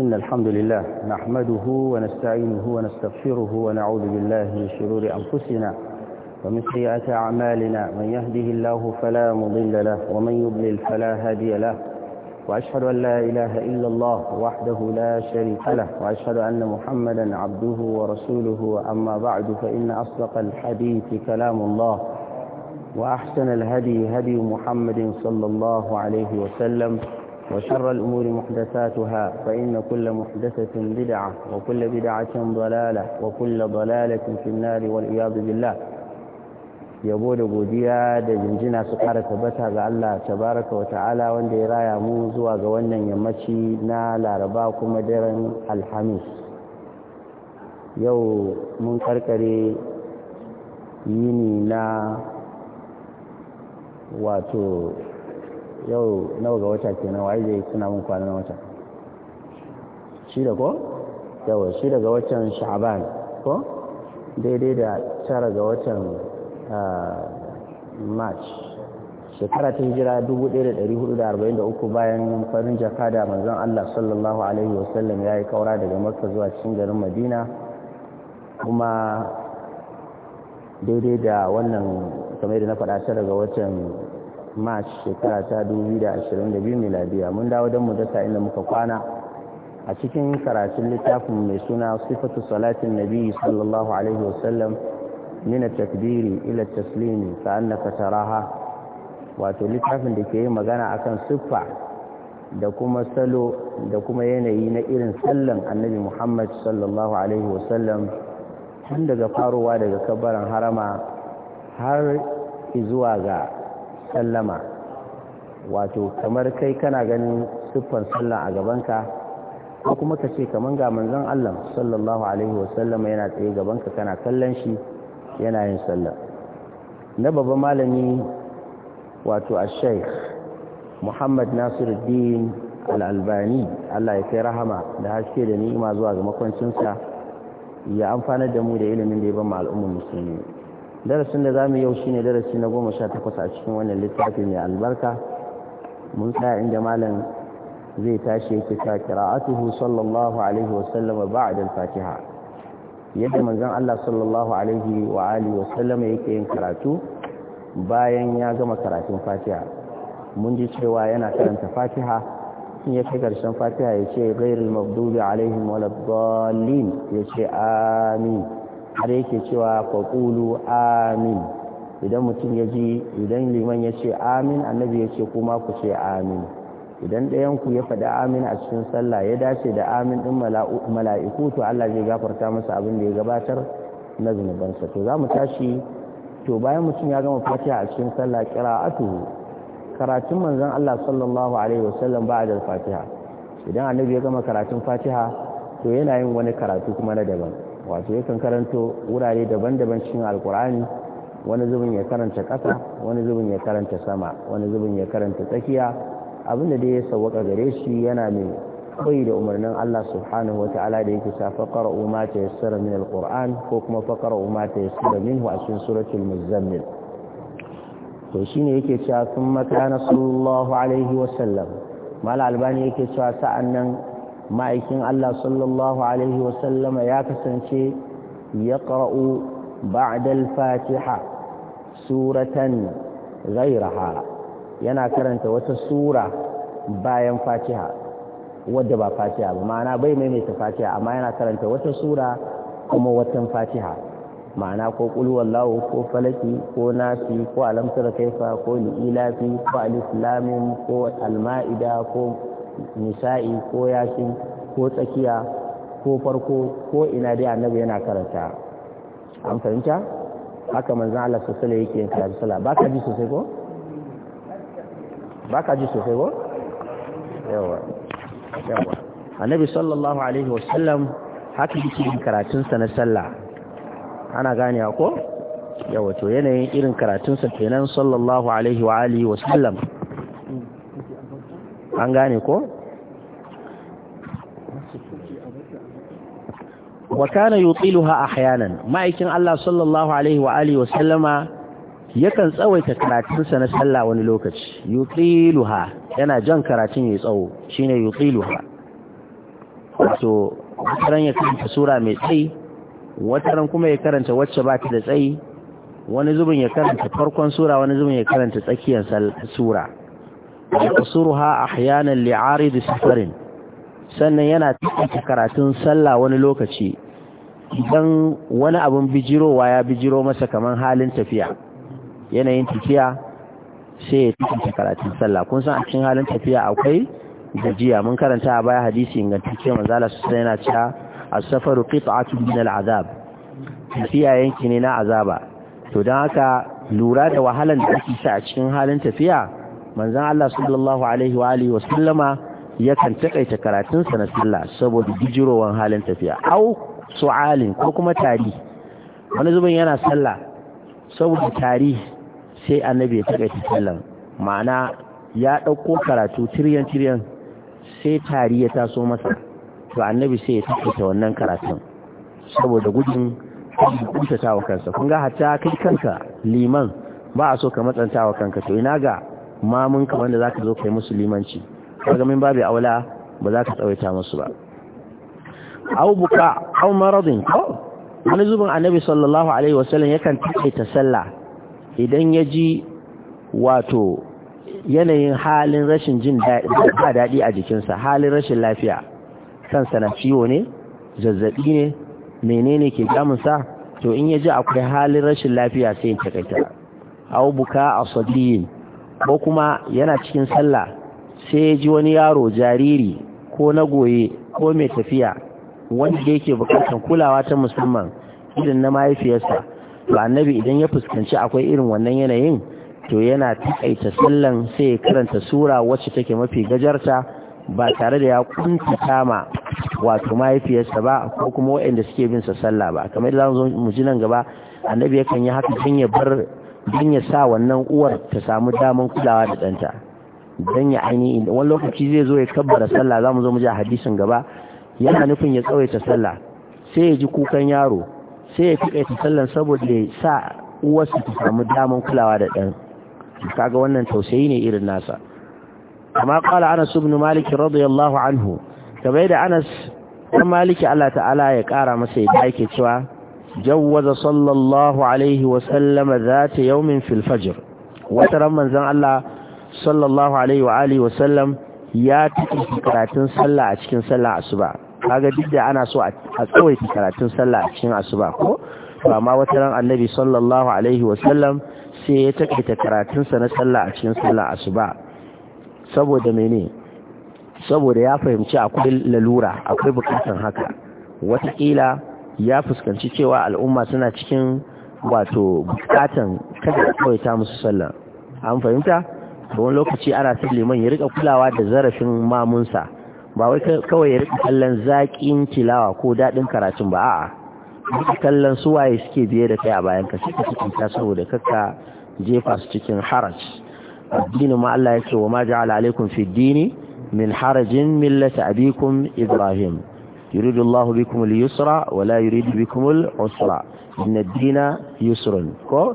إن الحمد لله نحمده ونستعينه ونستغفره ونعوذ بالله من شرور أنفسنا ومن سيئات أعمالنا من يهده الله فلا مضل له ومن يضلل فلا هادي له وأشهد أن لا إله إلا الله وحده لا شريك له وأشهد أن محمدا عبده ورسوله أما بعد فإن أصدق الحديث كلام الله وأحسن الهدي هدي محمد صلى الله عليه وسلم وشر الأمور محدثاتها فإن كل محدثة بدعة وكل بدعة ضلالة وكل ضلالة في النار والعياذ بالله yabo da godiya da jinjina su ƙara tabbata ga Allah tabaraka wa ta'ala wanda ya raya mu zuwa ga wannan yammaci na laraba kuma daren alhamis yau mun karkare yini na wato yau nawa ga wata kenan waye zai suna mun kwana na wata shida ko yawa shida ga watan sha'aban ko daidai da tara ga watan ah, march shekara ta hijira 1443 bayan farin jakada da manzon Allah sallallahu alaihi wasallam ya yi kaura daga makka zuwa cikin garin madina kuma daidai da wannan kamar da na faɗa tara ga watan march shekara ta 2022 miladiya mun dawo don mu dasa inda muka kwana a cikin karatun littafin mai suna sifatu salatin nabi sallallahu alaihi wasallam min takbiri ila taslimi ka annaka taraha wato littafin da ke yi magana akan siffa da kuma salo da kuma yanayi na irin sallan annabi muhammad sallallahu alaihi wasallam tun daga farowa daga kabarin harama har zuwa ga sallama wato kamar kai kana ganin siffan sallah a gabanka ko kuma ka ce kamar ga manzon Allah sallallahu alaihi wa sallama yana tsaye gabanka kana kallon shi yana yin sallah na babba malami wato al-sheikh Muhammad Nasiruddin al-Albani Allah ya kai rahama da haske da ni'ima zuwa ga makwancinsa ya amfana da mu da ilimin da ya ba mu al'ummar musulmi darasin da za yi yau shine darasi na goma sha takwas a cikin wannan littafi mai albarka mun tsaya inda malam zai tashi yake ta qira'atuhu sallallahu alaihi wa sallam ba'da al-fatiha yadda manzon Allah sallallahu alaihi wa alihi yake yin karatu bayan ya gama karatun fatiha mun ji cewa yana karanta fatiha in ya kai karshen fatiha ya ce ghairil maghdubi alaihim waladdallin ya ce amin har yake cewa faƙulu amin idan mutum ya ji idan liman ya ce amin annabi ya ce kuma ku ce amin idan ɗayanku ya faɗi amin a cikin sallah ya dace da amin ɗin mala'iku to Allah zai gafarta masa abin da ya gabatar na zunubansa to za mu tashi to bayan mutum ya gama fatiha a cikin sallah qira'atuhu karatun manzon Allah sallallahu alaihi wasallam ba'da al-fatiha idan annabi ya gama karatun fatiha to yana yin wani karatu kuma na daban wato yakan karanto wurare daban-daban cikin alkur'ani wani zubin ya karanta ƙasa wani zubin ya karanta sama wani zubin ya karanta tsakiya abinda da ya sauwaka gare shi yana mai kai da umarnin Allah subhanahu wa ta'ala da yake sa faqara ma tayassara min alquran ko kuma faqara ma tayassara min a cikin suratul muzammil to shine yake cewa sun makana sallallahu alaihi wa sallam mal albani yake cewa sa'annan ma'aikin Allah sallallahu alaihi wasallama ya kasance ya ƙara'u ba'dal fatiha suratan ghairaha yana karanta wata sura bayan fatiha wadda ba fatiha ba ma'ana bai maimaita fatiha amma yana karanta wata sura kuma watan fatiha ma'ana ko kulwallahu ko falaki ko nasi ko alamtar kaifa ko li'ilafi ko alif ko Al-Ma'ida ko nisa'i ko yasin ko tsakiya ko farko ko ina dai annabi yana karanta an fahimta haka manzon Allah sallallahu alaihi yake karanta sallah baka ji sosai ko baka ji sosai ko yawa yawa annabi sallallahu alaihi wasallam haka yake karatun sa na sallah ana gane ko yawa to yanayin irin karatun sa kenan sallallahu alaihi wa alihi wasallam an gane ko wa kana yutiluha ahyanan ma'aikin Allah sallallahu alaihi wa alihi wa sallama yakan tsawaita karatunsa na sallah wani lokaci yutiluha yana jan karatun ya tsawo shine yutiluha wato wataran ya karanta sura mai tsayi wataran kuma ya karanta wacce ba ta da tsayi wani zubin ya karanta farkon sura wani zubin ya karanta tsakiyar sura yaqsuruha ahyanan li'arid safarin sannan yana taƙaita karatun sallah wani lokaci idan wani abin bijirowa ya bijiro masa kaman halin tafiya yanayin tafiya sai ya taƙaita karatun sallah kun san a cikin halin tafiya akwai gajiya mun karanta a baya hadisi ingantacce manzala sosai yana cewa as-safaru qit'atun min al-azab tafiya yanki ne na azaba to don haka lura da wahalan da sa a cikin halin tafiya manzon Allah sallallahu alaihi wa alihi wasallama ya yakan takaita karatun sa na sallah saboda bijirowan halin tafiya au su'alin ko kuma tari wani zubin yana sallah saboda tari sai annabi ya takaita sallah ma'ana ya ɗauko karatu tiryan tiryan sai tari ya taso masa to annabi sai ya takaita wannan karatun saboda gudun kuntatawa kansa kun ga hatta kai kanka liman ba a so ka matsantawa kanka to ina ga mamunka wanda za ka zo kai musulmanci kaga min babu aula ba za ka tsawaita musu ba au buka maradin ko wani zubin annabi sallallahu alaihi wasallam yakan taƙaita sallah idan ya ji wato yanayin halin rashin jin daɗi a jikinsa halin rashin lafiya kansa na ciwo ne zazzaɓi ne menene ke damunsa to in ya ji akwai halin rashin lafiya sai ya taƙaita au buka a sadiyin ko kuma yana cikin sallah sai ya ji wani yaro jariri ko na goye ko mai tafiya wanda yake bukatar kulawa ta musamman irin na mahaifiyarsa to annabi idan ya fuskanci akwai irin wannan yanayin to yana taƙaita sallan sai ya karanta sura wacce take mafi gajarta ba tare da ya kunta kama wato mahaifiyarsa ba ko kuma waɗanda suke bin sa sallah ba kamar da mu ji nan gaba annabi yakan yi haka don ya bar don ya sa wannan uwar ta samu daman kulawa da ɗanta don ya inda wani lokaci zai zo ya kabbara sallah za mu zo mu ji hadisin gaba yana nufin ya tsawaita sallah sai ya ji kukan yaro sai ya ta Sallah saboda ya sa uwarsa ta samu daman kulawa da ɗan kaga wannan tausayi ne irin nasa amma kala Anas ibn Malik radiyallahu anhu kamar da Anas ɗan Maliki Allah ta'ala ya kara masa ya yake cewa جوز صلى الله عليه وسلم ذات يوم في الفجر وترى من زن الله صلى الله عليه wa sallam ya taƙi karatun sallah a cikin sallah asuba kaga duk da ana so a tsawai karatun sallah a cikin asuba ko amma wata ran annabi sallallahu alaihi wa sallam sai ya taƙaita sa na sallah a cikin sallah asuba saboda mene saboda ya fahimci akwai lalura akwai bukatan haka wataƙila ya fuskanci cewa al'umma suna cikin wato bukatan kada kawai ta musu sallah an fahimta da wani lokaci ana son liman ya rika kulawa da zarafin mamunsa ba wai kawai ya rika kallon zaƙin kilawa ko daɗin karatun ba a'a rika kallon su waye suke biye da kai a bayan ka suka cikin ta saboda kakka jefa su cikin haraj addinu ma Allah ya ce wa ma ja'ala alaikum fi dini min harajin millata abikum ibrahim يريد bikumul بكم wala ولا bikumul بكم العسرى إن الدين ko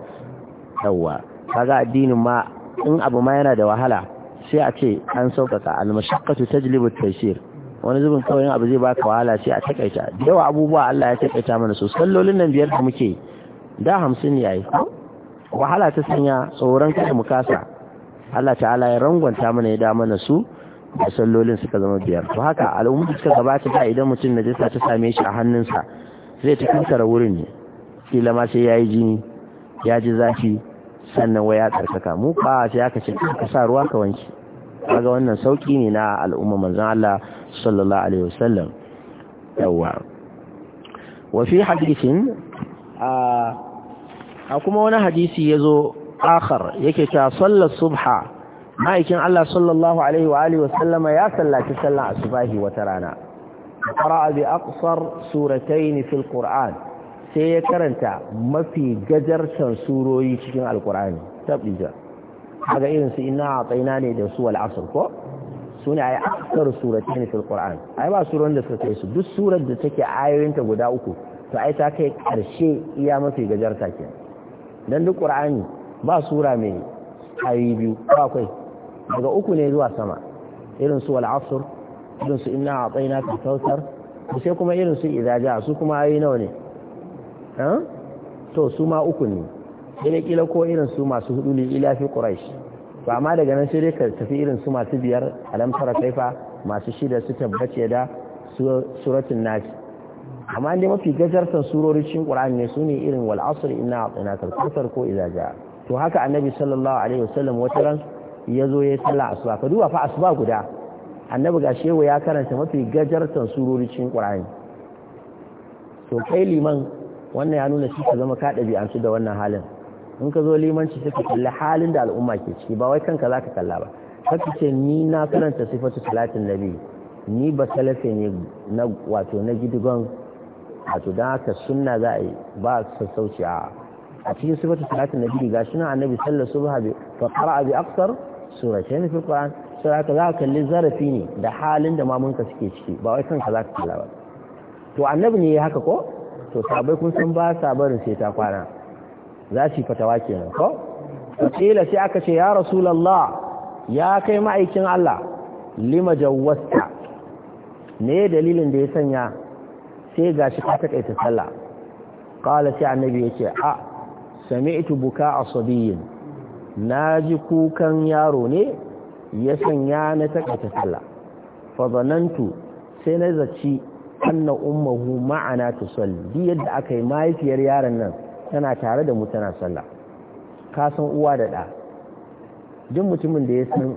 yawa kaga addinin ma in abu ma yana da wahala sai a ce an sauƙaƙa al-mashaqqatu tajlibu at-taysir wani zubin kawai abu zai baka wahala sai a takaita da yawa abubuwa Allah ya takaita mana su sallolin nan biyar da muke da 50 ne yayi wahala ta sanya tsoron kada mu kasa Allah ta'ala ya rangwanta mana ya da mana su da sallolin suka zama biyar to haka al'ummar suka gabata da idan mutum na jisa ta same shi a hannunsa zai ta kankara wurin ne kila ma sai yayi jini ya ji zafi sannan waya tsarkaka mu ba sai aka ce ka sa ruwa ka wanki kaga wannan sauki ne na al'umma manzon Allah sallallahu alaihi wasallam yawa wa fi hadithin a kuma wani hadisi yazo akhar yake ta sallar subha ma'aikin Allah sallallahu alaihi wa wasallama ya sallaci sallan subahi wata rana qara'a bi suratai suratayn fil sai ya karanta mafi gajartan surori cikin alqur'ani tablija kaga irin su a ataina ne da su wal asr ko sune ay aqsar suratayn fil qur'an ai ba surorin da suka kai su duk surar da take ayoyinta guda uku to ai ta kai karshe iya mafi gajarta kenan Don duk qur'ani ba sura mai ayoyi biyu ba akwai daga uku ne zuwa sama irin su wal'asur irin su inna a tsaina ka kautar sai kuma irin su idaja su kuma ayi nawa ne to su ma uku ne sai ne kila ko irin su masu hudu ne ila fi quraish to amma daga nan sai dai ka tafi irin su masu biyar alamtar kaifa masu shida su tabbace da suratun nasi amma inda mafi gajartar surori cikin qur'ani ne ne irin wal'asur ina a tsayina ta kautsar ko idaja to haka annabi sallallahu alaihi wasallam wataran ya zo ya yi a asuba ka duba fa asuba guda annabi ga shewa ya karanta mafi gajartan surori cikin qur'ani to kai liman wannan ya nuna shi ka zama ka ɗabi'antu da wannan halin in ka zo limanci sai ka kalli halin da al'umma ke ciki ba wai kanka za ka kalla ba haka ce ni na karanta sifatu salatin biyu ni ba salafe ne na wato na gidigon wato don haka sunna za a yi ba sassauci a a cikin sifatu salatin biyu ga shi nan annabi sallar subha bi fa qara'a bi aksar suratayn fil qur'an sai haka za ka kalli zarafi ne da halin da mamunka suke ciki ba wai kanka za ka kalla ba to annabi ne ya haka ko to sabai kun san ba sa barin sai ta kwana za su fatawa kenan ko kila sai aka ce ya rasulullah ya kai ma'aikin Allah lima jawwasta ne dalilin da ya sanya sai gashi ka ta sallah qala sai annabi yake a sami'tu buka asabiyin na ji kukan yaro ne ya sanya na takaita salla, fa zanantu sai na zaci anna ummuhu ma'ana ta tusalli yadda aka yi mahaifiyar yaron nan tana tare da mutana tana sallah ka san uwa da ɗa duk mutumin da ya san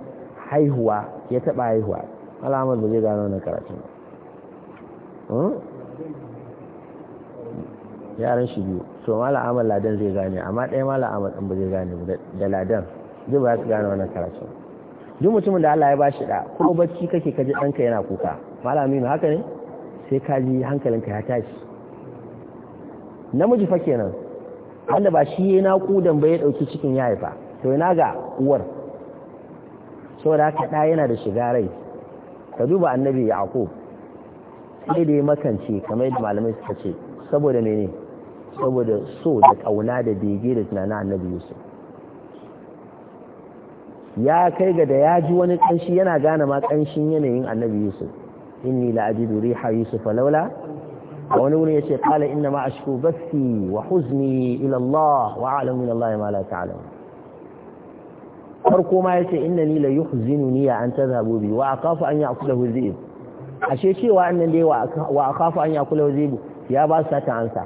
haihuwa ya taɓa haihuwa alamar ba zai gano na karatun yaran shi biyu to mala amal ladan zai gane amma ɗaya mala amal ɗin ba zai gane da ladan zai ba su gane wannan karatu duk mutumin da Allah ya ba shi da ko bacci kake ka ji ɗanka yana kuka malami haka ne sai ka ji hankalinka ya tashi namiji fa kenan wanda ba shi ya naƙudan ba ya ɗauki cikin ya haifa to ina ga uwar saboda haka ɗa yana da shiga rai ka duba annabi yaqub sai da ya makance kamar yadda malamai suka ce saboda mene saboda so da kauna da bege da tunanin annabi yusuf ya kai ga da ya ji wani kanshi. yana gane ma kanshin yanayin annabi yusuf inni la ajidu riha yusuf laula a wani wurin yace qala inna ma ashku bathi wa huzni ila Allah wa a'lamu min Allah ma la ta'lam farko ma yace innani la yuhzinuni an tadhhabu bi wa aqafu an ya'kulahu dhi'b ashe cewa annan dai wa aqafu an ya'kulahu dhi'b ya ba sa ta ansa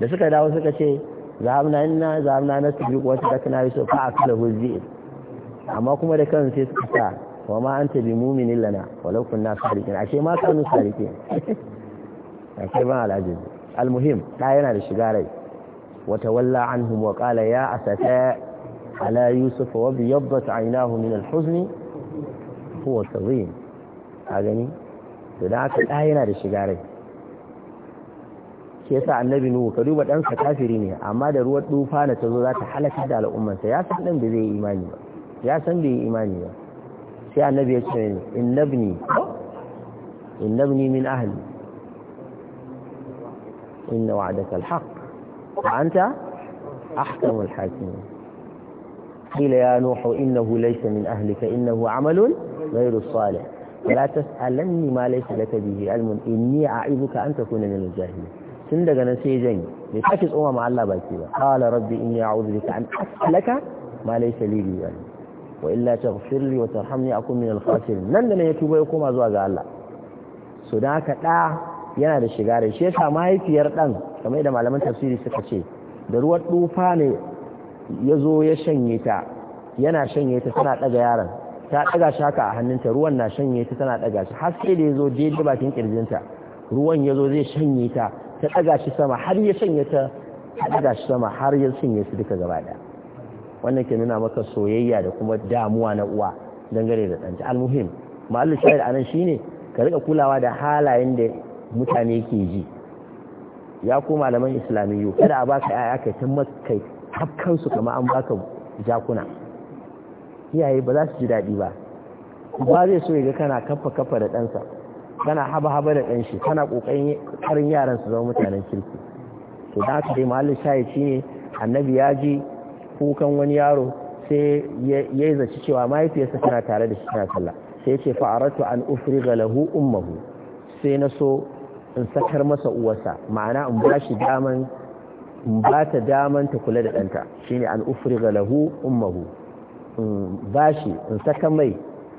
da suka dawo suka ce zahabna inna zahabna nastabiq wa sadakna yusuf a akalahu dhi'b amma kuma da kan sai suka sa wa ma anta bi mu'minin lana na kunna sadiqin ashe ma kanu sadiqin ashe ba alajiz almuhim da yana da shiga rai walla an anhum wa qala ya asata ala yusuf wa biyaddat aynahu min alhuzn huwa kadhim a gani Idan aka haka da yana da shiga rai shi yasa annabi nuhu ka duba dan sa kafiri ne amma da ruwan dufa na tazo za ta halaka da al'umman sa ya san dan da zai yi imani ba ya san da yi imani ba sai annabi ya ce innabni innabni min ahli inna wa'daka alhaq wa anta ahkamul hakimin قيل يا نوح إنه ليس من أهلك إنه عمل غير صالح ولا تسألني ما ليس لك به علم إني أعيبك أن تكون من الجاهلين tun daga nan sai janye mai sake tsoma ma Allah baki ba qala rabbi in ya'udhu bika an as'alaka ma laysa li bi wal wa illa taghfir li wa tarhamni akun min al-khasirin nan da ne ya tuba ya koma zuwa ga Allah so da haka da yana da shiga da shi yasa mahaifiyar dan kamar da malaman tafsiri suka ce da ruwan dufa ne ya zo ya shanye ta yana shanye ta tana daga yaron ta daga shaka a hannunta ruwan na shanye ta tana daga shi har sai da ya zo daidai bakin kirjinta ruwan ya zo zai shanye ta ta ɗaga shi sama har ya sanya ta ɗaga shi sama har ya shanye su duka gaba da wannan ke nuna maka soyayya da kuma damuwa na uwa dangane da ɗanta almuhim ma'allu nan anan shine ka rika kulawa da halayen da mutane ke ji ya ku malaman islamiyyu kada a baka yaya kai ta makai hafkan kamar an baka jakuna iyaye ba za su ji daɗi ba ba zai so ya ga kana kafa kafa da ɗansa kana haba-haba da ɗanshi kana ƙoƙarin karin yaran su zama mutanen kirki to da haka dai mahallin shayi ne annabi ya ji kukan wani yaro sai ya yi zaci cewa mahaifiyarsa tana tare da shi tana sallah sai ya ce fa'aratu an ufriga lahu ummahu sai na so in sakar masa uwarsa ma'ana in ba shi daman in ba ta daman ta kula da ɗanta shine an ufriga lahu ummahu in ba shi in saka mai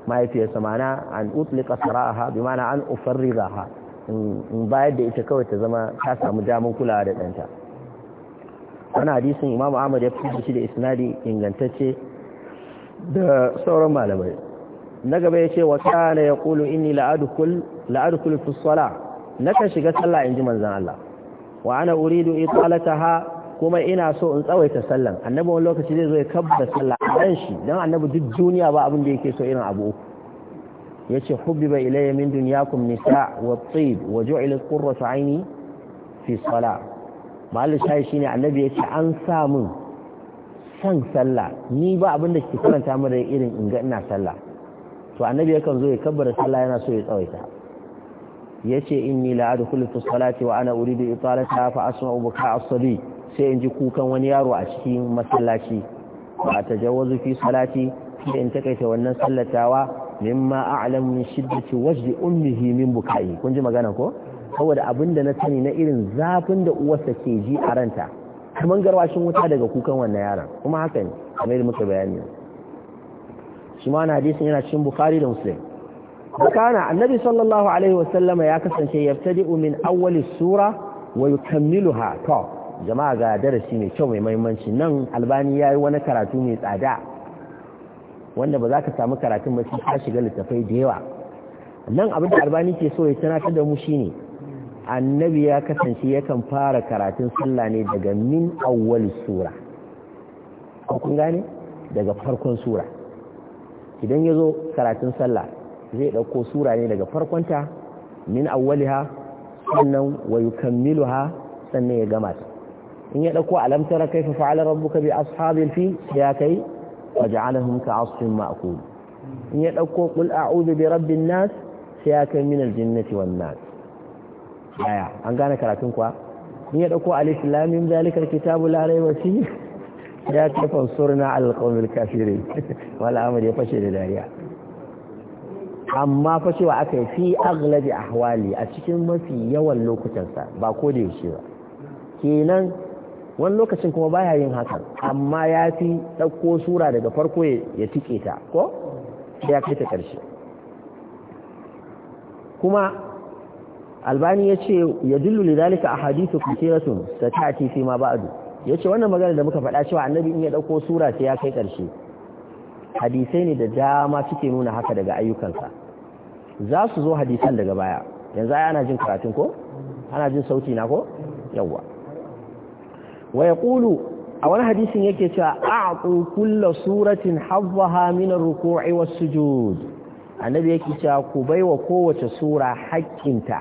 mahaifiyarsa mana an utlika saraha bi mana an ufarrizaha in bayar da ita kawai ta zama ta samu damar kulawa da ɗanta wani hadisin imamu ahmad ya fi shi da isnadi ingantacce da sauran malamai na gaba ya ce wata na ya kulu inni la'adukul fi sola na kan shiga sallah in ji manzan Allah wa ana uridu italata ha kuma ina so in tsawaita sallan annabi wani lokaci zai zo ya kabba sallah ran shi dan annabi duk duniya ba abin da yake so irin abu yace hubbiba ilayya min dunyakum nisa wa tib wa ju'ila qurratu aini fi salah mallu shayi shine annabi yace an sa mun san sallah ni ba abin da ke karanta mu da irin in ga ina sallah to annabi yakan zo ya kabbara sallah yana so ya tsawaita yace inni la adkhulu fi salati wa ana uridu italata fa asma'u buka'a as-sabi sai in ji kukan wani yaro a cikin masallaci ba ta jawazu fi salati sai in takaita wannan sallatawa mimma a'lam min shiddati wajdi ummihi min bukai kun ji magana ko saboda abin da na sani na irin zafin da uwarsa ke ji a ranta kaman garwashin wuta daga kukan wannan yaron kuma haka ne kamar da muka bayani shi ma na hadisin yana cikin bukhari da muslim Bukana annabi sallallahu alaihi wasallama ya kasance yabtadi'u min awwali sura wa yukammiluha to jama'a ga darasi mai kyau mai mahimmanci nan albani ya yi wani karatu mai tsada wanda ba za ka samu karatun ba sai ka shiga littafai da yawa nan abinda da albani ke so ya tunatar da mu shine annabi ya kasance yakan fara karatun sallah ne daga min awwal sura ko kun gane daga farkon sura idan ya zo karatun sallah zai dauko sura ne daga farkonta min awwaliha sannan wa yukammiluha sannan ya gama ta in ya dauko alam tara kaifa fa'ala rabbuka bi ashabil fi ya kai waj'alahum ka'asfin ma'kul in ya dauko qul a'udhu bi rabbin nas sai ya kai min aljinnati wan nas aya an gane karatun kuwa in ya dauko alif lam mim zalikal kitabu la rayba fihi ya kai fansurna al qawmil kafirin wala amr ya fashe da dariya amma fashewa aka yi fi aglabi ahwali a cikin mafi yawan lokutan sa ba ko da yaushe ba kenan wani lokacin kuma baya yin haka amma ya fi ɗauko sura daga farko ya tike ta ko ya kai ta ƙarshe kuma albani ya ce ya dillu dalika a hadithu kusiratun ta ta'ati fi ma ba'adu ya ce wannan magana da muka faɗa cewa annabi in ya ɗauko sura sai ya kai ƙarshe hadisai ne da dama suke nuna haka daga ayyukansa za su zo hadisan daga baya yanzu ana jin karatun ko ana jin sauti na ko yawwa wa ƙulu a wani hadisin yake cewa a kullu suratin hazzaha min ar-ruku'i was-sujud annabi yake cewa ku baiwa kowace sura haƙƙinta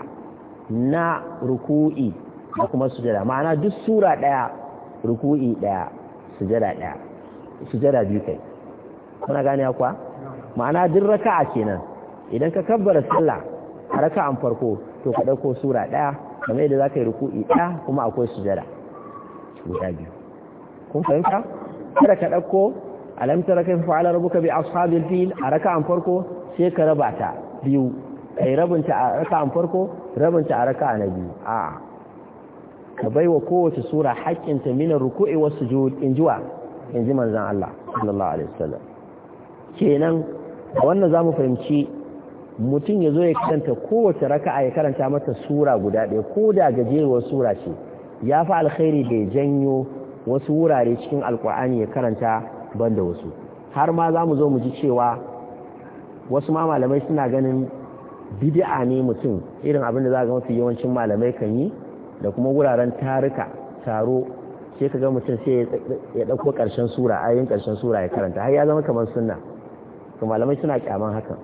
na ruku'i da kuma sujada ma'ana duk sura ɗaya, ruku'i ɗaya, sujada ɗaya sujada biyu kai kuna gane kuwa ma'ana duk raka'a kenan idan ka kabbara sallah a raka'an farko to ka ko sura ɗaya. kamar yadda zaka yi ruku'i ɗaya, kuma akwai sujada guda biyu kun fahimta kada ka ɗauko alamtara kai fa'ala rabuka bi ashabil fil a an farko sai ka raba ta biyu kai rabinta a raka an farko rabinta a raka na biyu a ka baiwa kowace sura haƙƙinta min ruku'i wasu sujud in jiwa in ji manzan Allah sallallahu alaihi wasallam kenan wannan za mu fahimci mutum ya zo ya karanta kowace raka'a ya karanta mata sura guda ɗaya ko da gajeruwar sura ce ya fi alkhairi da janyo wasu wurare cikin alkur'ani ya karanta banda wasu har ma za mu zo mu ji cewa wasu ma malamai suna ganin bid'a ne mutum irin abin da za ga mafi yawancin malamai kan yi da kuma wuraren taruka taro sai ka ga mutum sai ya ɗauko ƙarshen sura ayin ƙarshen sura ya karanta har ya zama kamar sunna to malamai suna kyaman hakan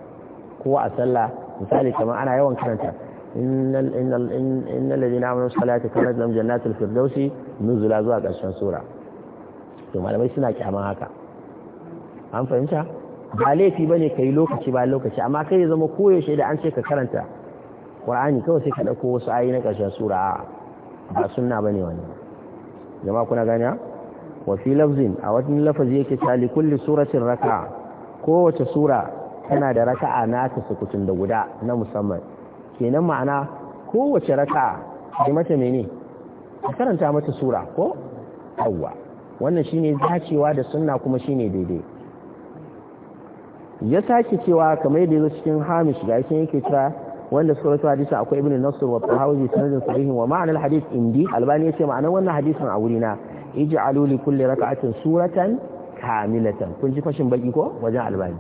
ko a sallah misali kamar ana yawan karanta إن ال إن ال إن, إن الذين آمنوا الصلاة كانت لهم جنات الفردوس نزلا zuwa ƙarshen sura to malamai suna kyaman haka an fahimta ba laifi bane kai lokaci ba lokaci amma kai ya zama koyaushe da an ce ka karanta Ƙur'ani, kawai sai ka ɗauko wasu ayi na ƙarshen sura ba sunna bane wannan jama'a kuna gani wa fi lafzin a wani lafazi yake ta kulle kulli suratin kowace sura tana da raka'a nata sukutun da guda na musamman kenan ma'ana kowace raka da mata mene a karanta mata sura ko awwa wannan shine dacewa da sunna kuma shine daidai ya sake cewa kamar yadda yazo cikin hamish ga shi yake cewa wanda suka ta hadisi akwai ibnu nasr wa tahawi sanadin sahihin wa ma'ana alhadith indi albani yace ma'ana wannan hadisin a wurina ij'alu li kulli raka'atin suratan kamilatan kun ji fashin baki ko wajen albani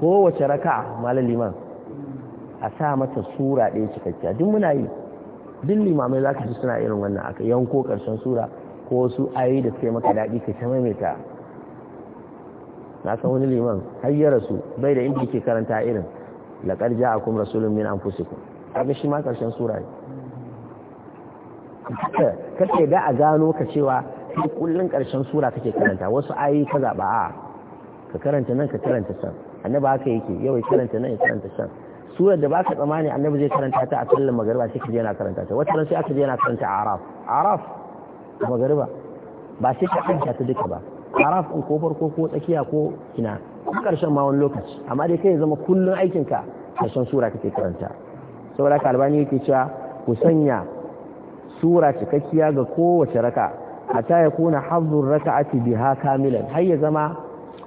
kowace raka'a Malam liman a sa mata sura ɗaya cikakkiya duk muna yi duk limamai za ka ji suna irin wannan aka yanko ƙarshen sura ko wasu ayoyi da suke maka daɗi ka ta na san wani liman har ya rasu bai da inda ke karanta irin laqad ja'akum rasulun min fusiku, abin shi ma ƙarshen sura ne kace da a gano ka cewa shi kullum ƙarshen sura kake karanta wasu ayi ka zaɓa a ka karanta nan ka karanta san annabi haka yake yau karanta nan ya karanta san surar da baka tsammani annabi zai karanta ta a sallar magariba sai ka je yana karanta ta wata sai aka je yana karanta a araf araf magariba ba sai ka karanta ta duka ba araf in ko farko ko tsakiya ko ina ko karshen ma wani lokaci amma dai kai zama kullun aikin ka karshen sura kake karanta saboda ka albani yake cewa ku sanya sura cikakkiya ga kowace raka hatta ya kuna hazzur raka'ati biha kamilan har ya zama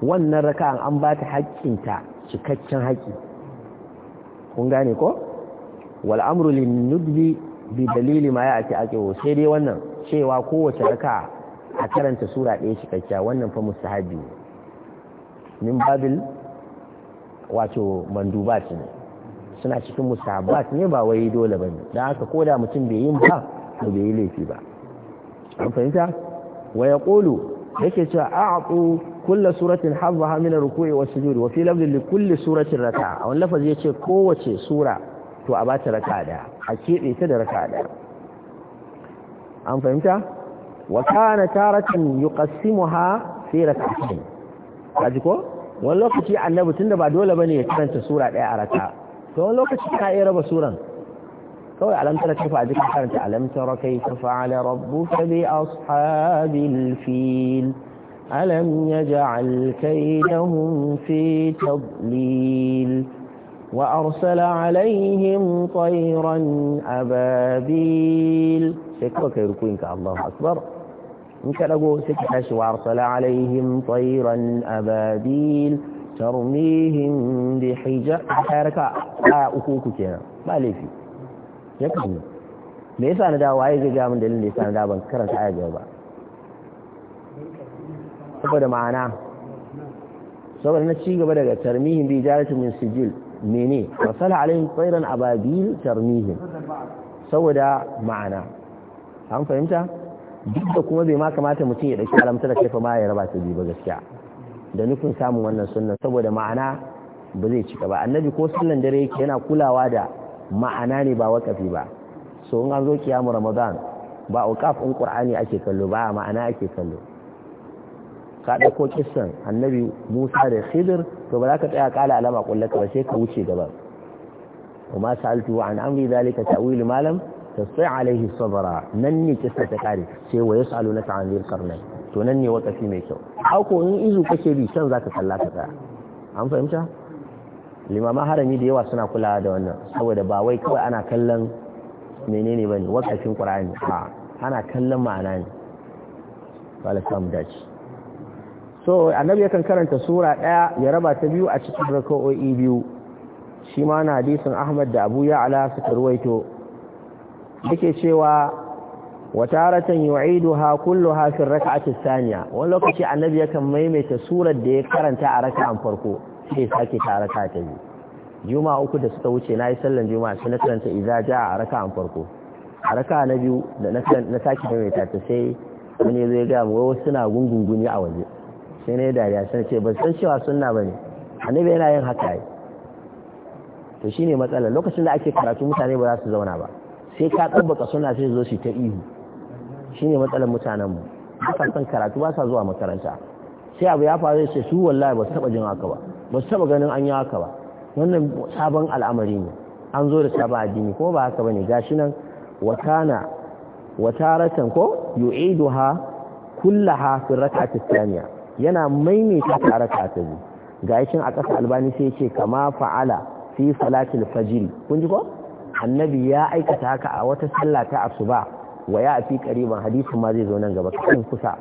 wannan raka'an an ba ta haƙƙinta cikakken haƙƙi kun gane ko wal amru lin nudbi bi dalili ma ya ake akewo sai dai wannan cewa kowace raka a karanta sura ɗaya cikakkiya wannan fa mustahabi min babil wato mandubat ne suna cikin mustahabat ne ba wai dole bane dan haka da mutum bai yin ba to bai yi laifi ba an fahimta wa yaqulu yake cewa a'tu kulla suratin hazzaha min ruku'i was sujudi wa fi lafzin kulli suratin raka'a a wani lafazi yace kowace sura to a bata raka'a da a kebe ta da raka'a da. an fahimta wa kana taratan yuqassimuha fi raka'atayn kaji ko wani lokaci annabi tunda ba dole bane ya karanta sura daya a raka. to wani lokaci ka iya raba suran قال علم ترى كيف فعل ذكر كانت علم ترى كيف فعل ربك بأصحاب الفيل ألم يجعل كيدهم في تضليل وأرسل عليهم طيرا أبابيل شكرا كيركوينك الله أكبر إن كرقوا سكحش وأرسل عليهم طيرا أبابيل ترميهم بحجر حركة آه، لا أخوك تينا ما ليفي ya kamu me yasa na dawo waye zai ga min dalilin da yasa na dawo ban karanta aya gaba ba saboda ma'ana saboda na ci gaba daga tarmihin bi jaratu min sijil mene wasala alaihim tsairan ababil tarmihin saboda ma'ana an fahimta duk da kuma bai ma kamata mutum ya dauki alamta da kaifa ma ya raba ta biyu ba gaskiya da nufin samun wannan sunna saboda ma'ana ba zai cika ba annabi ko sallan dare yake yana kulawa da ma'ana ne ba wakafi ba so in an zo kiyamu ramadan ba auqaf in qur'ani ake kallo ba ma'ana ake kallo ka ɗauko kissan annabi Musa da Khidir to ba za ka tsaya kala alama kullaka ba sai ka wuce gaba وما سألته zalika أمر ذلك تأويل ما لم تستطيع عليه الصبر ta kare sai سي ويسألونك عن ذي القرنين to nan ne wakafi mai kyau hauko in izu kake bi can za ka kalla ka tsaya an fahimta limaman harami da yawa suna kulawa da wannan saboda ba wai kawai ana kallon menene bane wakafin qur'ani a ana kallon ma'ana ne wala samu dace so annabi yakan karanta sura daya ya raba ta biyu a cikin rakoi biyu shi ma na hadisin ahmad da abu ala suka ruwaito yake cewa wa taratan yu'iduha kulluha fi raka'ati thaniya wani lokaci annabi yakan maimaita surar da ya karanta a raka'an farko sai sake ta raka ta biyu juma'a uku da suka wuce na yi sallan juma'a sai na karanta iza ja a an farko a raka na biyu da na sake mai ta sai wani zai ga mu wasu suna gungunguni a waje sai na yi dariya sai ce ban san cewa sunna bane annabi yana yin haka ai to shine matsala lokacin da ake karatu mutane ba za su zauna ba sai ka ɗabbaka suna sai zo su ta ihu ne matsalar mutanen mu ba san karatu ba sa zuwa makaranta sai abu ya faru sai su wallahi ba su taɓa jin haka ba ba su taba ganin an yi haka ba wannan sabon al'amari ne an zo da sabon addini ko ba haka bane gashi nan watana wataratan ko yu'iduha kullaha fi rak'ati thaniya yana maimaita ta rak'a ta biyu gashi a ƙasa albani sai ce kama fa'ala fi salatil fajr kun ji ko annabi ya aikata haka a wata sallah ta asuba wa ya fi qariban hadisin ma zai zo nan gaba kusa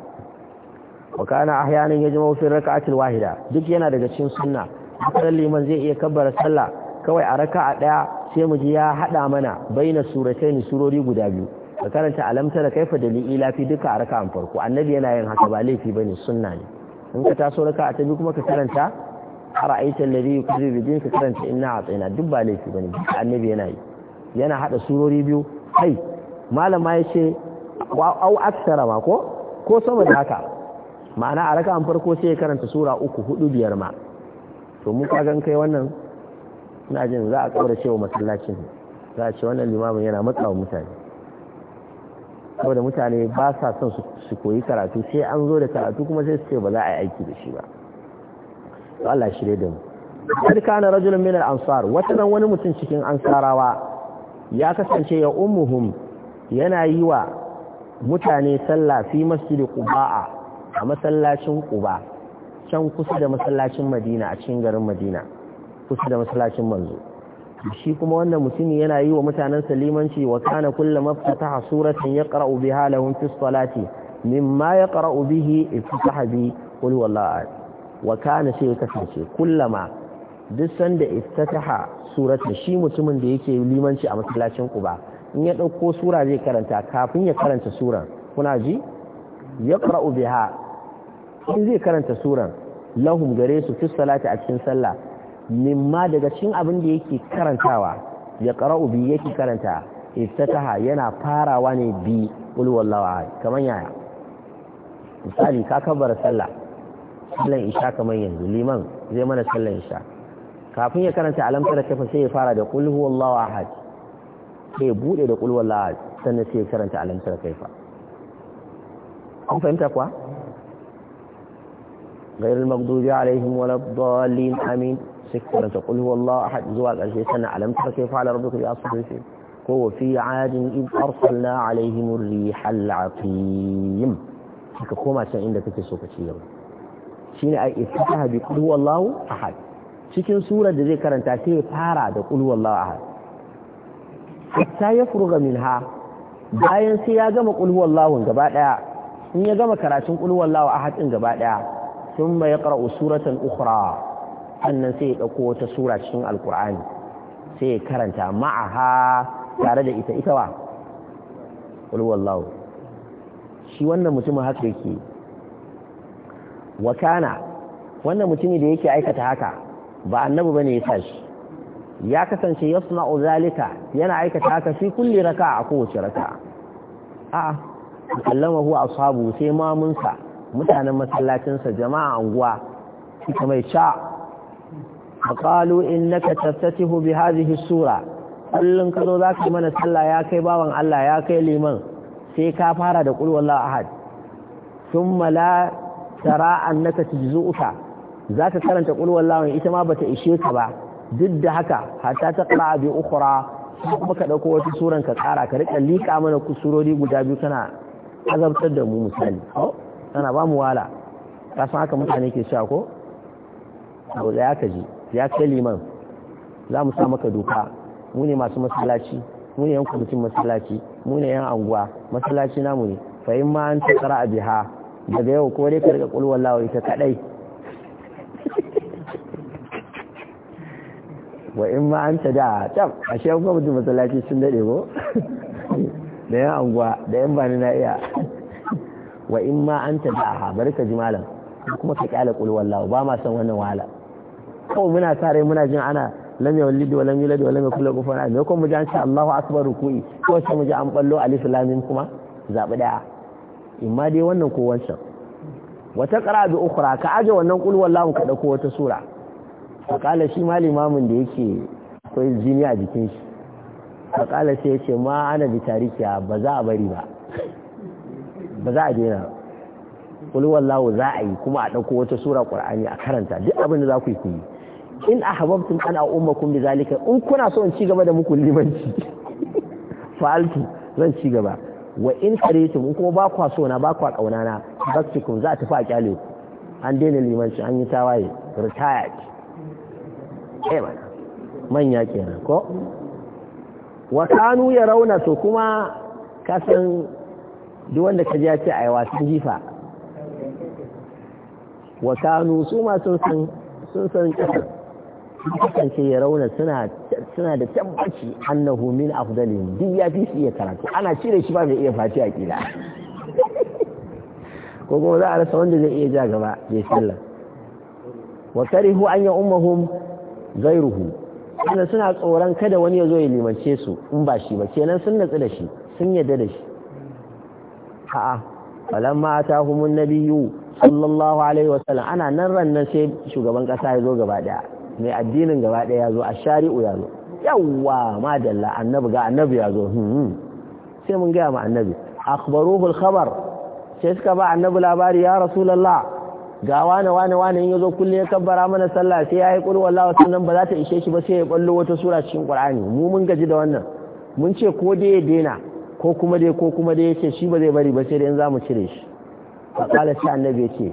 wa kana ya yajma'u fi rak'atil wahida duk yana daga cikin sunna akwai liman zai iya kabbara sallah kawai a raka'a daya sai mu ji ya hada mana baina suratayn surori guda biyu ka karanta alamta da kaifa dalili lafi duka a raka'an farko annabi yana yin haka ba laifi bane sunna ne in ka taso raka'a ta biyu kuma ka karanta ara'aita alladhi yukazzibu bi dinka karanta inna atina duk ba laifi bane annabi yana yi yana hada surori biyu kai malama yace wa au aksara ma ko ko sama da haka ma'ana a raka'an farko sai ya karanta sura uku hudu biyar ma to mu kagan kai wannan ina jin za a kaura cewa masallacin za a ce wannan limamin yana matsawa mutane saboda mutane ba sa son su koyi karatu sai an zo da karatu kuma sai su ce ba za a yi aiki da shi ba to Allah shirye da mu kad kana rajulun min al-ansar wata wani mutum cikin ansarawa ya kasance ya ummuhum yana yi wa mutane sallah fi masjidi quba'a a masallacin Quba can kusa da masallacin Madina a cikin garin Madina kusa da masallacin manzo shi kuma wannan mutumin yana yi wa mutanen limanci wa kana kullu maftataha suratan yaqra'u biha lahum fi salati mimma yaqra'u bihi iftitaha qul wallahi wa kana sai kasance kullama duk sanda iftataha suratan shi mutumin da yake limanci a masallacin Quba in ya dauko sura zai karanta kafin ya karanta suran kuna ji yaqra'u biha in zai karanta suran lahum gare su fi salati a cikin sallah mimma daga cikin abin da yake karantawa ya qara'u bi yake karanta iftataha yana farawa ne bi qul wallahu ahad kaman yaya misali ka kabbara sallah sallan isha kaman yanzu liman zai mana sallan isha kafin ya karanta alam tara kafa sai ya fara da qul huwallahu ahad sai ya bude da qul wallahu ahad sannan sai ya karanta alam tara kaifa kun fahimta kuwa gairin magdubi alaihim wala dalin amin sai karanta qul huwallahu ahad zuwa ƙarshe sana alam tara kayfa ala rabbika bi asfirin ko wa fi adin id arsalna alaihim ar-rihal aqim ka koma can inda kake so ka ci gaba shine ai cikin surar da zai karanta sai ya fara da qul huwallahu ahad hatta yafruga minha bayan sai ya gama qul huwallahu gaba daya in ya gama karatun qul a ahad din gaba daya thumma yaqra'u suratan ukhra hannan sai ya ɗauko wata sura cikin alqur'ani sai ya karanta ma'aha tare da ita ita wa qul shi wannan mutumin haka yake wa kana wannan mutumin da yake aikata haka ba annabi bane ya sashi ya kasance yasna'u zalika yana aikata haka fi kulli raka'a a kowace raka'a a'a kallama huwa ashabu sai mamunsa mutanen masallacinsa jama'a anguwa suka mai sha faqalu innaka taftatihu bi hadhihi sura kullun ka zo zaka mana sallah ya kai bawan Allah ya kai liman sai ka fara da qul wallahu ahad thumma la tara annaka tajzuuka zaka karanta qul wallahu ita ma bata ishe ka ba duk da haka hatta taqra bi ukhra kuma ka dauko wata suran ka kara ka rika lika mana kusurori guda biyu kana azabtar da mu misali tana ba mu wala ka san haka mutane ke cewa ko abu da ya kaji ya kai liman za mu sa maka doka mu ne masu masallaci mu ne yan kwamitin masallaci mu ne yan anguwa masallaci namu ne fa in ma an tsara a biha daga yau ko dai ka riga kulwar lawa ita kadai wa in ma an ta da tab ashe yan kwamitin masallaci sun dade ko da yan anguwa da yan bani na iya wa in ma an ta aha bari ka ji malam kuma ka kyale kul wallahu ba ma san wannan wahala ko muna sa rai muna jin ana lam wallidi wa lam yuladi wa lam yakul lahu kufuwan ahad me kuma mu ji an ce Allahu akbar ruku'i ko sai mu ji an ballo alif lam mim kuma zabi In ma dai wannan ko wancan wata qara bi ukhra ka aje wannan kul wallahu ka dauko wata sura ka kala shi ma da yake akwai jini a jikin shi faƙala sai ya ce ma ana bi tarihi ba za a bari ba ba za a daina kul wallahu za a yi kuma a ɗauko wata sura qur'ani a karanta duk abin da za ku yi ku yi in ahbabtum an a'ummakum bi zalika in kuna so in ci gaba da muku limanci fa'altu zan ci gaba wa in in kuma ba ku so na ba ku kauna na baktikum za a tafi a kyale ku an daina limanci an yi tawaye retired eh manya kenan ko wa kanu ya rauna su kuma kasan duk wanda ka ja ce a yi wasan jifa wa kanu su ma sun san sun san kasance ya rauna suna da tabbaci annahu min afdalin duk ya fi su iya karatu ana cire shi ba mai iya faci a kila ko za a rasa wanda zai iya ja gaba ya sallah wa karihu an ya ummahum gairuhu wanda suna tsoron kada wani ya zo ya limance su in ba shi ba kenan sun natsu da shi sun yadda da shi a'a falamma atahumun nabiyyu sallallahu alaihi wasallam ana nan ran nan sai shugaban kasa ya zo gaba daya mai addinin gaba daya ya zo As-Shari'u ya zo yawwa madalla annabi ga annabi ya zo hmm, hmm. sai mun ga ma annabi akhbaruhu al-khabar sai suka ba annabi labari ya rasulullah ga wane wane wane yazo kullum ya kabbara mana sallah sai yayi qul wallahu sannan ba za ta ishe shi ba sai ya ballo wata sura cikin qur'ani mu mun gaji da wannan mun ce ko dai ya daina ko kuma dai ko kuma dai yace shi ba zai bari ba sai dai za mu cire shi fa qala sai annabi yace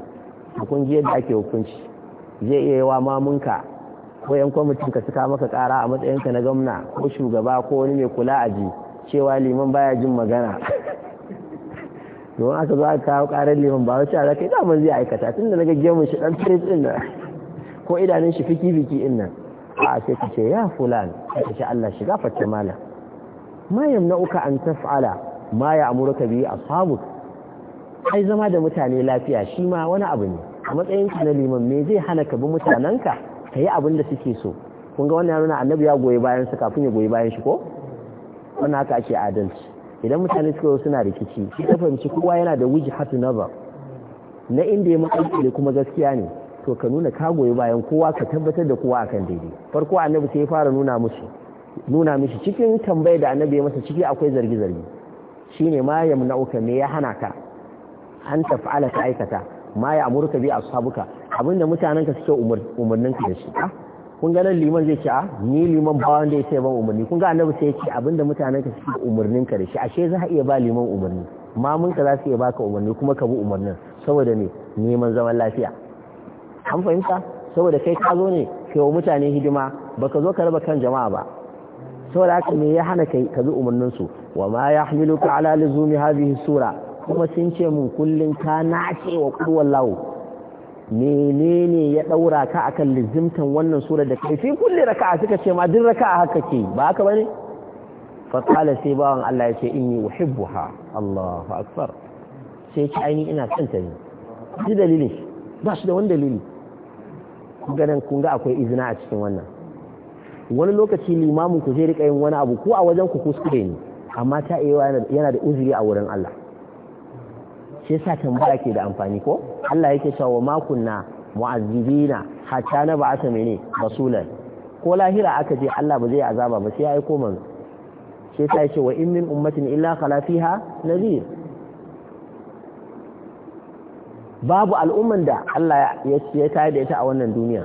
kun ji yadda ake hukunci zai iya yawa mamunka ko yan kwamitin ka suka maka kara a matsayinka na gwamna ko shugaba ko wani mai kula aji cewa liman baya jin magana domin aka zo aka kawo karar liman ba wacce za ka yi daman zai aikata tun da na gaggiyar mun shi dan tiris din na ko idanun shi fiki fiki din nan a sai ka ce ya fulan ka ce Allah shiga fatta mala ma yamna'uka an taf'ala ma biyu bi ashabuk ai zama da mutane lafiya shi ma wani abu ne a matsayin ka na liman me zai hana ka bi mutanenka ka yi abin da suke so kun ga wannan ya nuna annabi ya goyi bayan su kafin ya goyi bayan shi ko wannan haka ake adalci idan mutane suka zo suna rikici shi ta fahimci kowa yana da wuji hatu ba na inda ya makalkile kuma gaskiya ne to ka nuna ka goyi bayan kowa ka tabbatar da kowa akan daidai farko annabi sai ya fara nuna mushi mishi cikin tambayar da annabi ya masa ciki akwai zargi-zargi Shi ne ma ya munauka me ya hana ka an tafi ta aikata ma ya amurka bi sabuka abinda mutanen ka suke umarninka da shi ah? kun ga nan liman zai ce a ah, ni liman ba wanda ya ce ban umarni kun ga annabi sai ya ce abinda mutanen ka suke umarnin ka da shi ashe za a iya ba liman umarni mamun ka za su iya baka umarni kuma ka bi umarnin saboda ne neman zaman lafiya an fahimta saboda kai ka zo ne kai wa mutane hidima baka zo ka raba kan jama'a ba saboda haka me ya hana kai ka bi umarnin su wa ma yahmiluka ala luzumi hadhihi sura kuma sun ce mun kullun ka nace wa qul wallahu menene ya ɗaura ka akan lizimtan wannan sura da kai fi kulli raka'a suka ce ma duk raka'a haka ke ba haka bane fa qala sai bawan Allah ya ce inni uhibbuha Allahu akbar sai ce aini ina son ta ne shi dalilin ba shi da wani dalili ganin kun ga akwai izina a cikin wannan wani lokaci limamin ku zai rika yin wani abu ko a wajen ku kuskure ne amma ta yana da uzuri a wurin Allah shi yasa tambaya ke da amfani ko Allah yake cewa makonna kunna mu'azzibina hatta na ba'ata mene rasulan ko lahira aka je Allah ba zai azaba ba sai ya aiko manzo shi yasa yake wa in min ummatin illa khala fiha nadhir babu al'umman da Allah ya tayar da ita a wannan duniya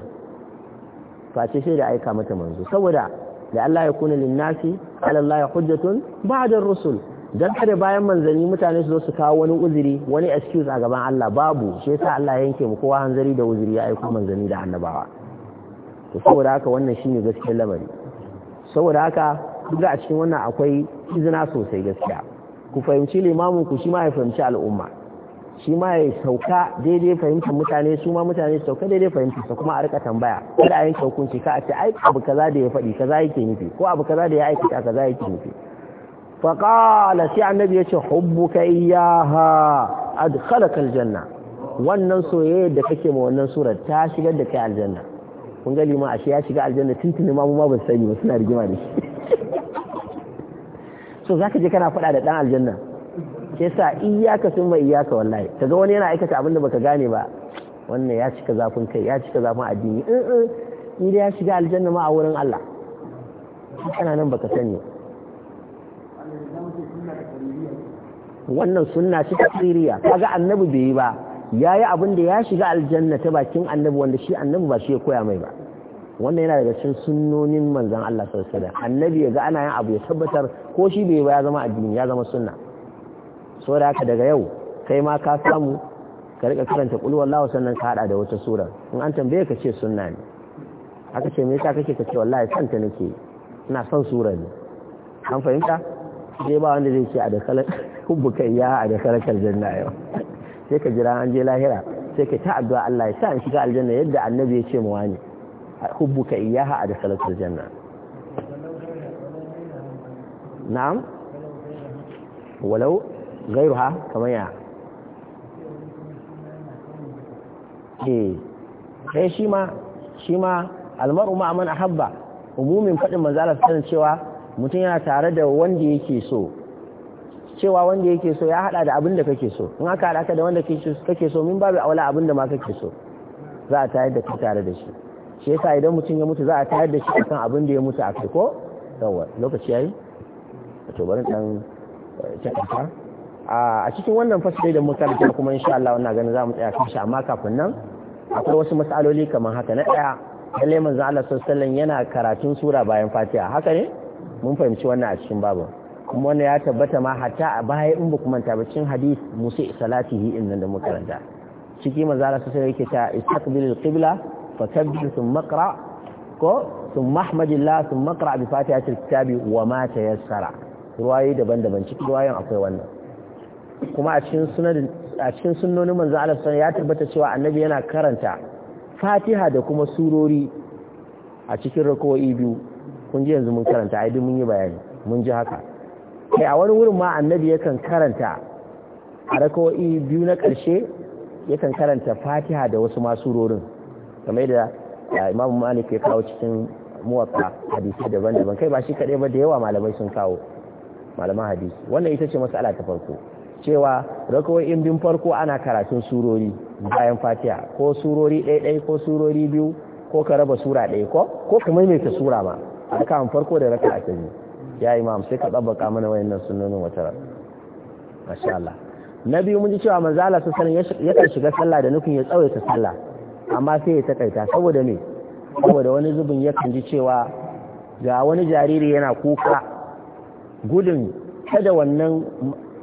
face sai da aika mata manzo saboda da Allah ya kuna linnasi ala Allah hujjatun ba'da ar-rusul don kada bayan manzanni mutane su zo su kawo wani uzuri wani excuse a gaban Allah babu shi yasa Allah ya yanke mu kowa hanzari da uzuri ya aiko manzanni da annabawa to saboda haka wannan shine gaskiyar lamari saboda haka kuma a cikin wannan akwai izina sosai gaskiya ku fahimci limamin ku shi ma ya fahimci al'umma shi ma ya sauka daidai fahimtar mutane su ma mutane su sauka daidai fahimtar su kuma a rika tambaya kada a yanke hukunci ka a ce ai abu kaza da ya faɗi kaza yake nufi ko abu kaza da ya aikata kaza yake nufi faƙala sai annabi ya ce hubbuka iyaha adkhalaka aljanna wannan soyayya da kake ma wannan surar ta shigar da kai aljanna kun ga lima ashe ya shiga aljanna tuntuni ma mu ma ba su sani ba suna rigima ne so zaka je kana faɗa da ɗan aljanna ke sa iyaka sun mai iyaka wallahi ta ga wani yana aikata abin da baka gane ba wannan ya cika zafin kai ya cika zafin addini in in ya shiga aljanna ma a wurin Allah kana nan baka sani wannan sunna ta tsiriya kaga annabi bai yi ba yayi abin da ya shiga aljanna ta bakin annabi wanda shi annabi ba shi ya koya mai ba wannan yana daga cikin sunnonin manzon Allah sallallahu alaihi annabi ya ga ana yin abu ya tabbatar ko shi bai ba ya zama addini ya zama sunna so da haka daga yau kai ma ka samu ka rika karanta qul wallahu sannan ka hada da wata sura in an tambaye ka ce sunna ne aka ce me yasa kake ka ce wallahi santa nake ina son sura ne an fahimta sai ba wanda zai ce a da kubu kai ya a da kalakar janna yau sai ka jira an je lahira sai ka ta addu'a Allah ya sa an shiga aljanna yadda annabi ya ce mu wani kai iyaha a da kalakar janna na'am walau ha kamar ya eh sai eh, shi ma shi ma almaru ma ahabba umumin fadin manzo Allah cewa mutum yana tare da wanda yake so cewa wanda yake so ya hada da abin da kake so in aka hada ka da wanda kake so min babu aula abin da ma kake so za a tayar da kai tare da shi shi yasa idan mutum ya mutu za a tayar da shi akan abin da ya mutu akai ko yawa lokaci yayi to bari dan tabbata eh, a cikin wannan fasali da muka rubuta kuma insha Allah wannan ganin mu tsaya kan shi amma kafin nan akwai wasu mas'aloli kamar haka na daya Allah manzo Allah sallallahu alaihi wasallam yana karatun sura bayan Fatiha haka ne mun fahimci wannan a cikin babu kuma wannan ya tabbata ma hatta a baya in baku manta ba cikin hadith musu salatihi in nan da muka karanta ciki manzo Allah sai yake ta istaqbilil qibla fakabbir thumma qra ko thumma ahmadillah thumma qra bi fatihatil kitabi wa ma tayassara ruwayi daban-daban cikin ruwayan akwai wannan kuma a cikin sunan a cikin sunnonin manzo Allah sai ya tabbata cewa annabi yana karanta fatiha da kuma surori a cikin rukoi biyu kun ji yanzu mun karanta ai duk mun yi bayani mun ji haka kai a wani wurin ma annabi yakan karanta a rakawo'i biyu na ƙarshe yakan karanta fatiha da wasu masurorin kamar da imamu malik ya kawo cikin muwatta hadisi daban-daban kai ba shi kaɗai ba da yawa malamai sun kawo malaman hadisi wannan ita ce masala ta farko cewa in bin farko ana karatun surori bayan fatiha ko surori ɗaya ko surori biyu ko ka raba sura ɗaya ko ko ka maimaita sura ma raka farko da raka a yi ya imam sai ka tsabbaka mana wayannan sunnonin wata masha Allah na biyu mun ji cewa manzala Allah sanin ya kan shiga sallah da nufin ya tsawaita sallah amma sai ya takaita saboda me saboda wani zubin yakan ji cewa ga wani jariri yana kuka gudun kada wannan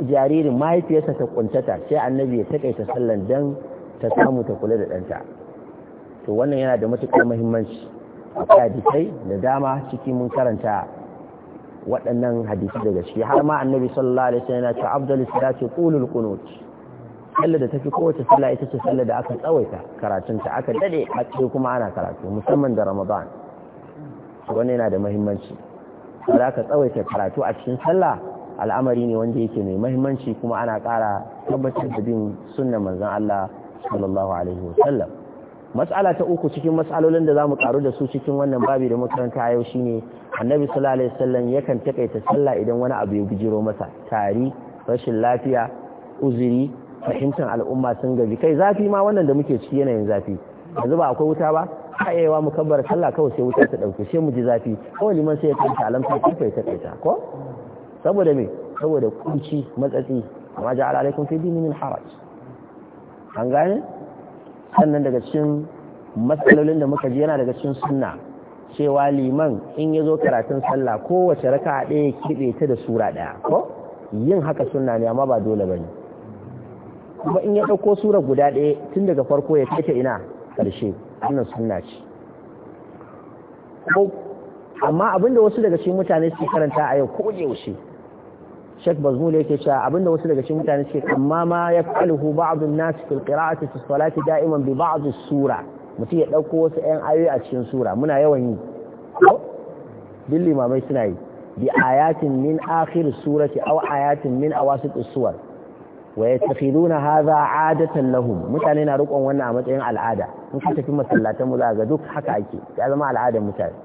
jaririn mahaifiyarsa ta kuntata sai annabi ya takaita sallan dan ta samu ta kula da ɗanta to wannan yana da matuƙar muhimmanci akwai hadisai da dama ciki mun karanta waɗannan hadisai daga ciki har ma annabi sallallahu alaihi wasallam ya ce afdalus salati qulul qunut sallar da take kowace sallah ita ce sallar da aka tsawaita karatun ta aka dade a ce kuma ana karatu musamman da ramadan wannan yana da muhimmanci da aka tsawaita karatu a cikin sallah al'amari ne wanda yake mai muhimmanci kuma ana ƙara tabbatar da bin sunnan manzon Allah sallallahu alaihi wasallam matsala ta uku cikin matsalolin da za mu karu da su cikin wannan babi da makaranta yau ne annabi sallallahu alaihi wasallam yakan takaita sallah idan wani abu ya gijiro masa tari rashin lafiya uziri, fahimtar al'umma sun gabi kai zafi ma wannan da muke ciki yanayin zafi yanzu ba akwai wuta ba ayewa mu kabbar sallah kawai sai wuta ta dauke sai mu ji zafi kawai liman sai ya kanta alamta kai ta kaita ko saboda me saboda kunci matsatsi amma ja'ala alaikum fi dini min haraj an gane sannan daga cikin matsalolin da muka ji yana daga cikin sunna cewa liman in ya zo karatun sallah kowace raka ɗaya kiɓe ta da sura ɗaya ko yin haka sunna ne amma ba dole ba ne kuma in ya ɗauko sura guda ɗaya tun daga farko ya kai ta ina ƙarshe wannan sunna ce amma abinda wasu daga cikin mutane su karanta a yau ko yaushe Sheikh Bazmul yake cewa abinda wasu daga cikin mutane suke amma ma ya kaluhu ba'd an-nas fil qira'ati fi salati da'iman bi ba'd sura mutum ya dauko wasu ƴan ayoyi a cikin sura muna yawan yi duk limamai suna yi bi ayatin min akhir surati aw ayatin min awasit as-suwar wa yattakhiduna hadha 'adatan lahum mutane na rukon wannan a matsayin al'ada in ka tafi masallatan mu za ga duk haka ake ya zama al'adar mutane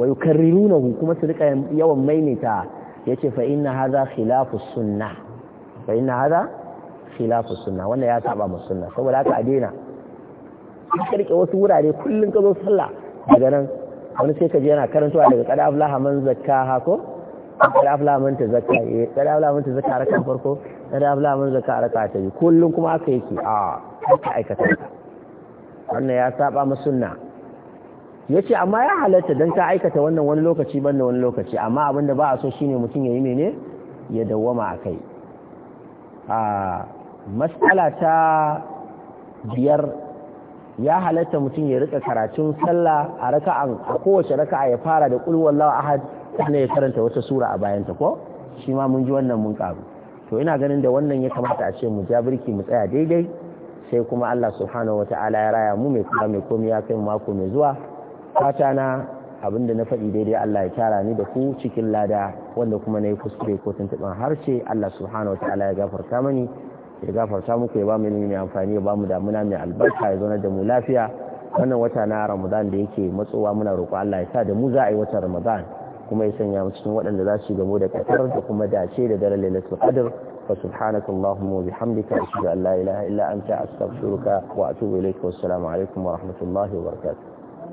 wa yukarrirunahu kuma su rika yawan maimaita yace fa inna hadha khilafu sunnah fa inna khilafu sunnah wannan ya saba mu sunna saboda haka a daina a karke wasu wurare kullun ka zo sallah daga nan wani sai ka je yana karantawa daga qad aflaha man zakkaha ko qad aflaha man tazakka eh qad aflaha man tazakka rakan farko qad aflaha man zakka raka ta biyu kullun kuma haka yake a ka aikata wannan ya saba mu sunna ya ce amma ya halatta don ta aikata wannan wani lokaci ban da wani lokaci amma abin da ba a so shine mutum ya yi mene ya dawwama a kai a matsala ta biyar ya halatta mutum ya rika karatun sallah a raka'an a kowace raka'a ya fara da kulwar lawa ahad sannan ya karanta wata sura a bayanta ko shi ma mun ji wannan mun karu to ina ganin da wannan ya kamata a ce mu ja birki mu tsaya daidai sai kuma Allah subhanahu ta'ala ya raya mu mai kuma mai komai ya kai mu mako mai zuwa Katana abin abinda na faɗi daidai Allah ya tara ni da ku cikin lada wanda kuma na yi kuskure ko tuntuɓin harshe Allah subhanahu wa ta'ala ya gafarta mani ya gafarta muku ya ba mu ilimi mai amfani ya ba mu damuna mai albarka ya zauna da mu lafiya wannan wata na ramadan da yake matsowa muna roƙo Allah ya sa da mu za a yi watan ramadan kuma ya sanya mu cikin waɗanda za su gamo da ƙasar da kuma dace da daren lailatul qadr fa subhanaka allahumma wa bihamdika ashhadu an la ilaha illa anta astaghfiruka wa atubu alaikum wa rahmatullahi wa barakatuh